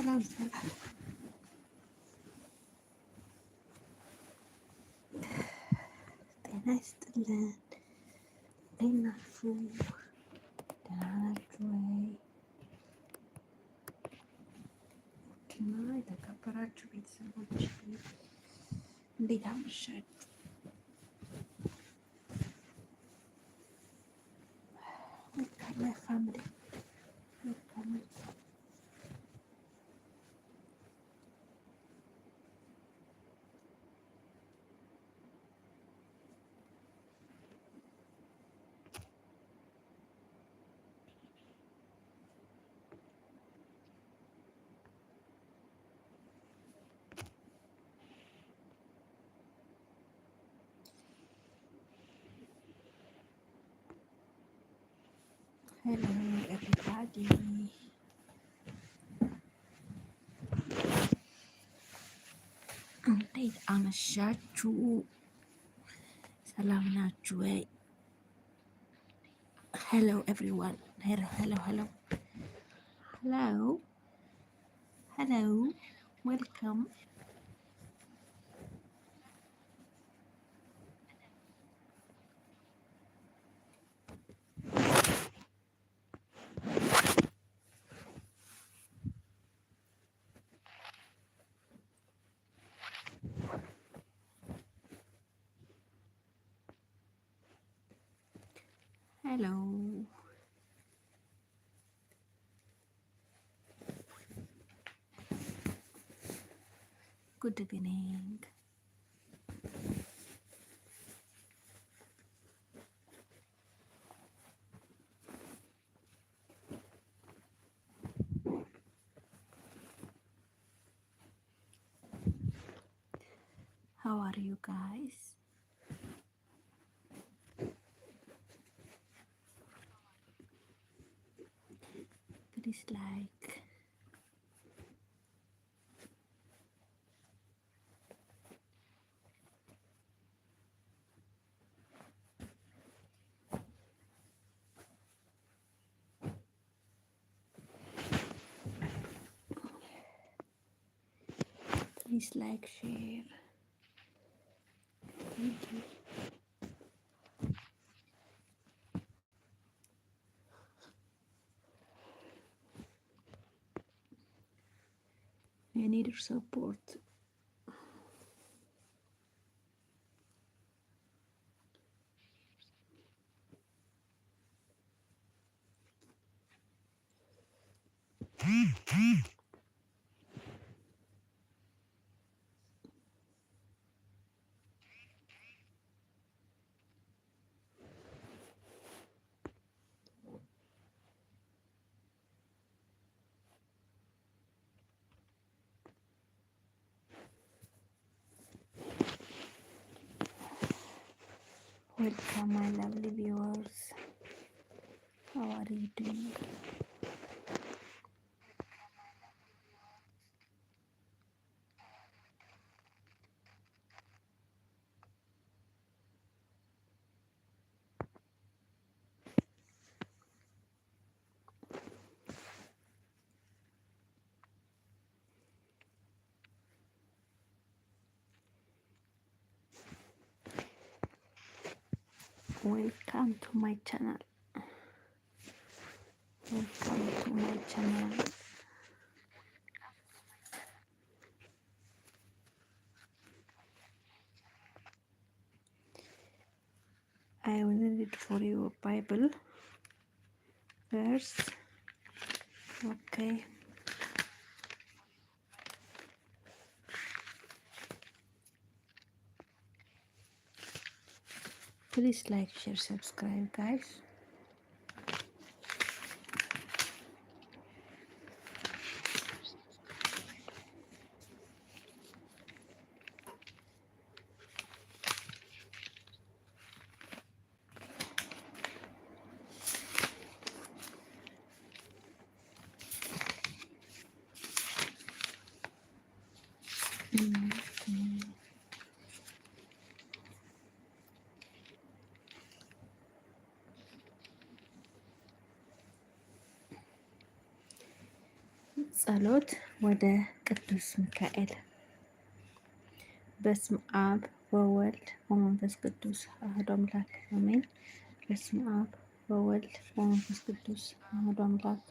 ጤና ይስጥልን። እንዴት ናችሁ? ደህና ናችሁ ወይ? ውድና የተከበራችሁ ቤተሰቦች እንዴት አመሻችሁ? ፋሚሊ Hello, everybody. I'm late on a Hello, everyone. Hello, hello, hello. Hello. Hello. Welcome. Hello. Good evening. How are you guys? like please like share thank you I need your support. Hmm, hmm. welcome my lovely viewers how are you doing welcome to my channel welcome to my channel I will read it for you Bible verse okay please like share subscribe guys ጸሎት ወደ ቅዱስ ሚካኤል። በስመ አብ ወወልድ ወመንፈስ ቅዱስ አሐዱ አምላክ አሜን። በስመ አብ ወወልድ ወመንፈስ ቅዱስ አሐዱ አምላክ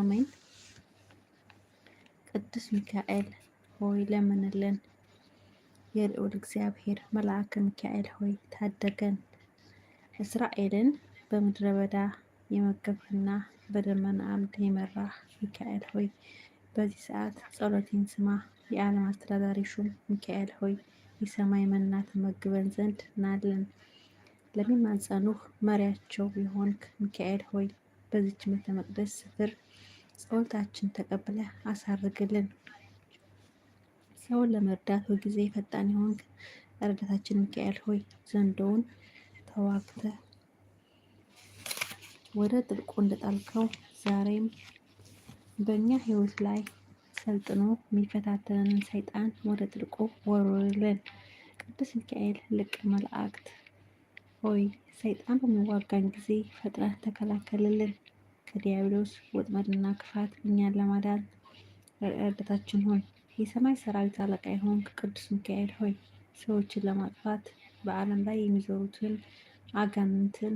አሜን። ቅዱስ ሚካኤል ሆይ ለምንልን። የልዑል እግዚአብሔር መልአከ ሚካኤል ሆይ ታደገን። እስራኤልን በምድረ በዳ የመገብህና በደመና አምድ የመራህ ሚካኤል ሆይ በዚህ ሰዓት ጸሎቴን ስማ። የዓለም አስተዳዳሪ ሹም ሚካኤል ሆይ የሰማይ መና ተመግበን ዘንድ ናለን። ለሚማጸኑህ መሪያቸው የሆንክ ሚካኤል ሆይ በዚች ቤተ መቅደስ ስፍር ጸሎታችን ተቀብለ አሳርግልን። ሰውን ለመርዳት ሁልጊዜ ፈጣን የሆንክ ረዳታችን ሚካኤል ሆይ ዘንዶውን ተዋግተ ወደ ጥልቁ እንደጣልከው ዛሬም በእኛ ህይወት ላይ ሰልጥኖ የሚፈታተንን ሰይጣን ወደ ጥልቁ ወርውርልን። ቅዱስ ሚካኤል ልቅ መላእክት ሆይ ሰይጣን በሚዋጋን ጊዜ ፈጥነህ ተከላከልልን። ከዲያብሎስ ወጥመድና ክፋት እኛን ለማዳን ረዳታችን ሆን። የሰማይ ሰራዊት አለቃ የሆንክ ቅዱስ ሚካኤል ሆይ ሰዎችን ለማጥፋት በዓለም ላይ የሚዞሩትን አጋንንትን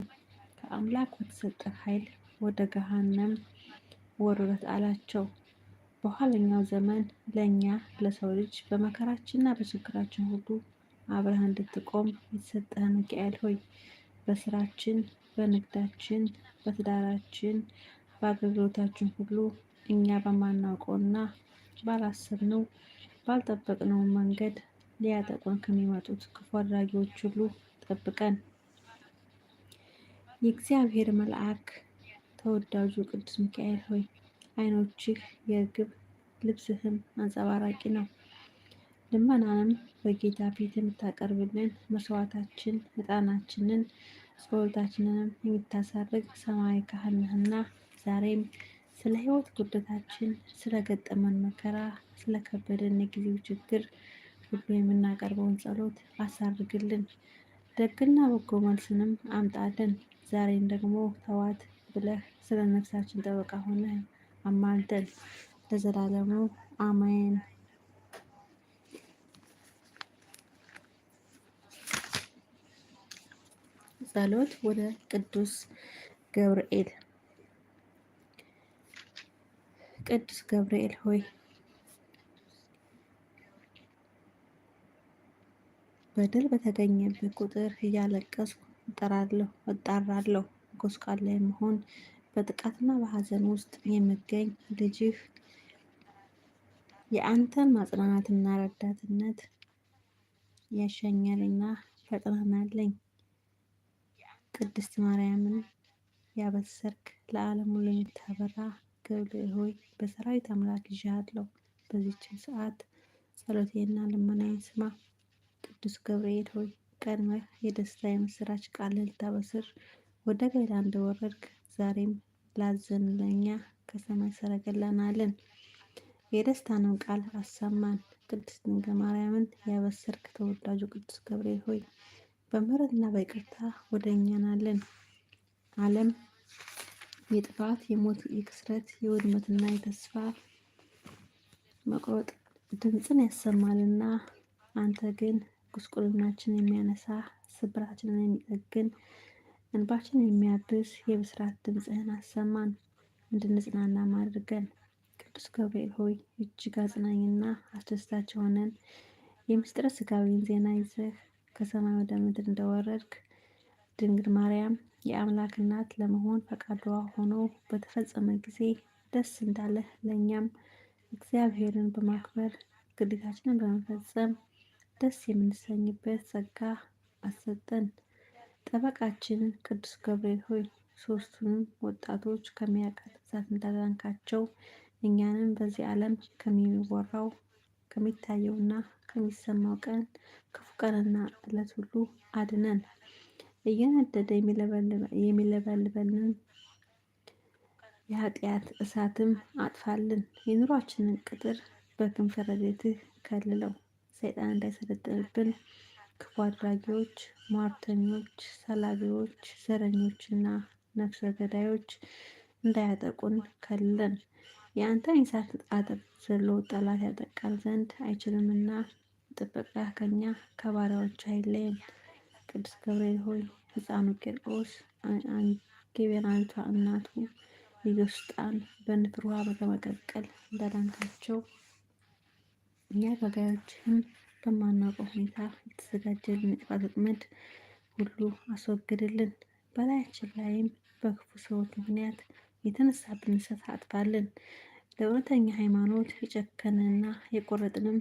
ከአምላክ በተሰጠ ኃይል ወደ ገሃነም ወረዱት አላቸው። በኋለኛው ዘመን ለእኛ ለሰው ልጅ በመከራችንና በችግራችን ሁሉ አብረህ እንድትቆም የተሰጠህ ሚካኤል ሆይ በስራችን፣ በንግዳችን፣ በትዳራችን፣ በአገልግሎታችን ሁሉ እኛ በማናውቀውና ባላሰብነው ባልጠበቅነው መንገድ ሊያጠቁን ከሚመጡት ክፉ አድራጊዎች ሁሉ ጠብቀን። የእግዚአብሔር መልአክ ተወዳጁ ቅዱስ ሚካኤል ሆይ ዓይኖችህ የግብ ልብስህም አንጸባራቂ ነው። ልመናንም በጌታ ፊት የምታቀርብልን መስዋዕታችን፣ ዕጣናችንን፣ ጸሎታችንንም የምታሳርግ ሰማያዊ ካህን ነህና ዛሬም ስለ ሕይወት ጉደታችን፣ ስለ ገጠመን መከራ፣ ስለ ከበደን የጊዜው ችግር ሁሉ የምናቀርበውን ጸሎት አሳርግልን። ደግና በጎ መልስንም አምጣልን። ዛሬም ደግሞ ተዋት ብለህ ስለ ነፍሳችን ጠበቃ ሆነ አማልደን ለዘላለሙ አሜን። ጸሎት ወደ ቅዱስ ገብርኤል። ቅዱስ ገብርኤል ሆይ በድል በተገኘበት ቁጥር እያለቀስኩ እጠራለሁ እጣራለሁ ጎስቋላ ላይ መሆን በጥቃትና በሀዘን ውስጥ የምገኝ ልጅህ የአንተን ማጽናናትና ረዳትነት ያሸኛልና ፈጥናናለኝ። ቅድስት ማርያምን ያበሰርክ ለዓለም ሁሉ የምታበራ ገብርኤል ሆይ በሰራዊት አምላክ ይዣለሁ። በዚችን ሰዓት ጸሎቴና ልመናዬን ስማ። ቅዱስ ገብርኤል ሆይ ቀድመህ የደስታ የምስራች ቃል ልታበስር ወደ ገዳ እንደወረድክ ዛሬም ላዘን ለእኛ ከሰማይ ሰረገላ ናለን። የደስታንም ቃል አሰማን። ቅድስት ድንግል ማርያምን ያበሰርክ ተወዳጁ ቅዱስ ገብርኤል ሆይ በምህረትና በይቅርታ ወደ እኛ ናለን። ዓለም የጥፋት የሞት፣ የክስረት፣ የውድመትና የተስፋ መቁረጥ ድምፅን ያሰማልና አንተ ግን ጉስቁልናችን የሚያነሳ ስብራችንን የሚጠግን እንባችን የሚያብስ የብስራት ድምፅህን አሰማን፣ እንድንጽናና አድርገን። ቅዱስ ገብርኤል ሆይ እጅግ አጽናኝና አስደስታች የሆነን የምስጢረ ስጋዊን ዜና ይዘህ ከሰማይ ወደ ምድር እንደወረድክ ድንግል ማርያም የአምላክ እናት ለመሆን ፈቃዷ ሆኖ በተፈጸመ ጊዜ ደስ እንዳለህ ለእኛም እግዚአብሔርን በማክበር ግዴታችንን በመፈጸም ደስ የምንሰኝበት ጸጋ አሰጠን። ጠበቃችንን ቅዱስ ገብርኤል ሆይ ሶስቱንም ወጣቶች ከሚያቃጥ እሳት እንዳዳንካቸው እኛንም በዚህ ዓለም ከሚወራው ከሚታየውና ከሚሰማው ቀን ክፉ ቀንና ዕለት ሁሉ አድነን። እየነደደ የሚለበልበንን የኃጢአት እሳትም አጥፋልን። የኑሯችንን ቅጥር በክንፈ ረድኤትህ ከልለው። ሰይጣን እንዳይሰለጥንብን ክፉ አድራጊዎች፣ ሟርተኞች፣ ሰላቢዎች፣ ዘረኞች እና ነፍሰ ገዳዮች እንዳያጠቁን ከልለን። የአንተን የእሳት አጥር ዘሎ ጠላት ያጠቃል ዘንድ አይችልምና ጥበቃ ከኛ ከባሪያዎች አይለየን። ቅዱስ ገብርኤል ሆይ ሕፃኑ ቂርቆስ አንጌቤራንቷ እናቱ ሊዮስጣን በንፍር ውሃ በመቀቀል እንዳዳንካቸው እኛ ገበያዎችን በማናውቀው ሁኔታ የተዘጋጀልን የጥፋት ወጥመድ ሁሉ አስወግድልን። በላያችን ላይም በክፉ ሰዎች ምክንያት የተነሳብን እሳት አጥፋልን። ለእውነተኛ ሃይማኖት የጨከነና የቆረጥንም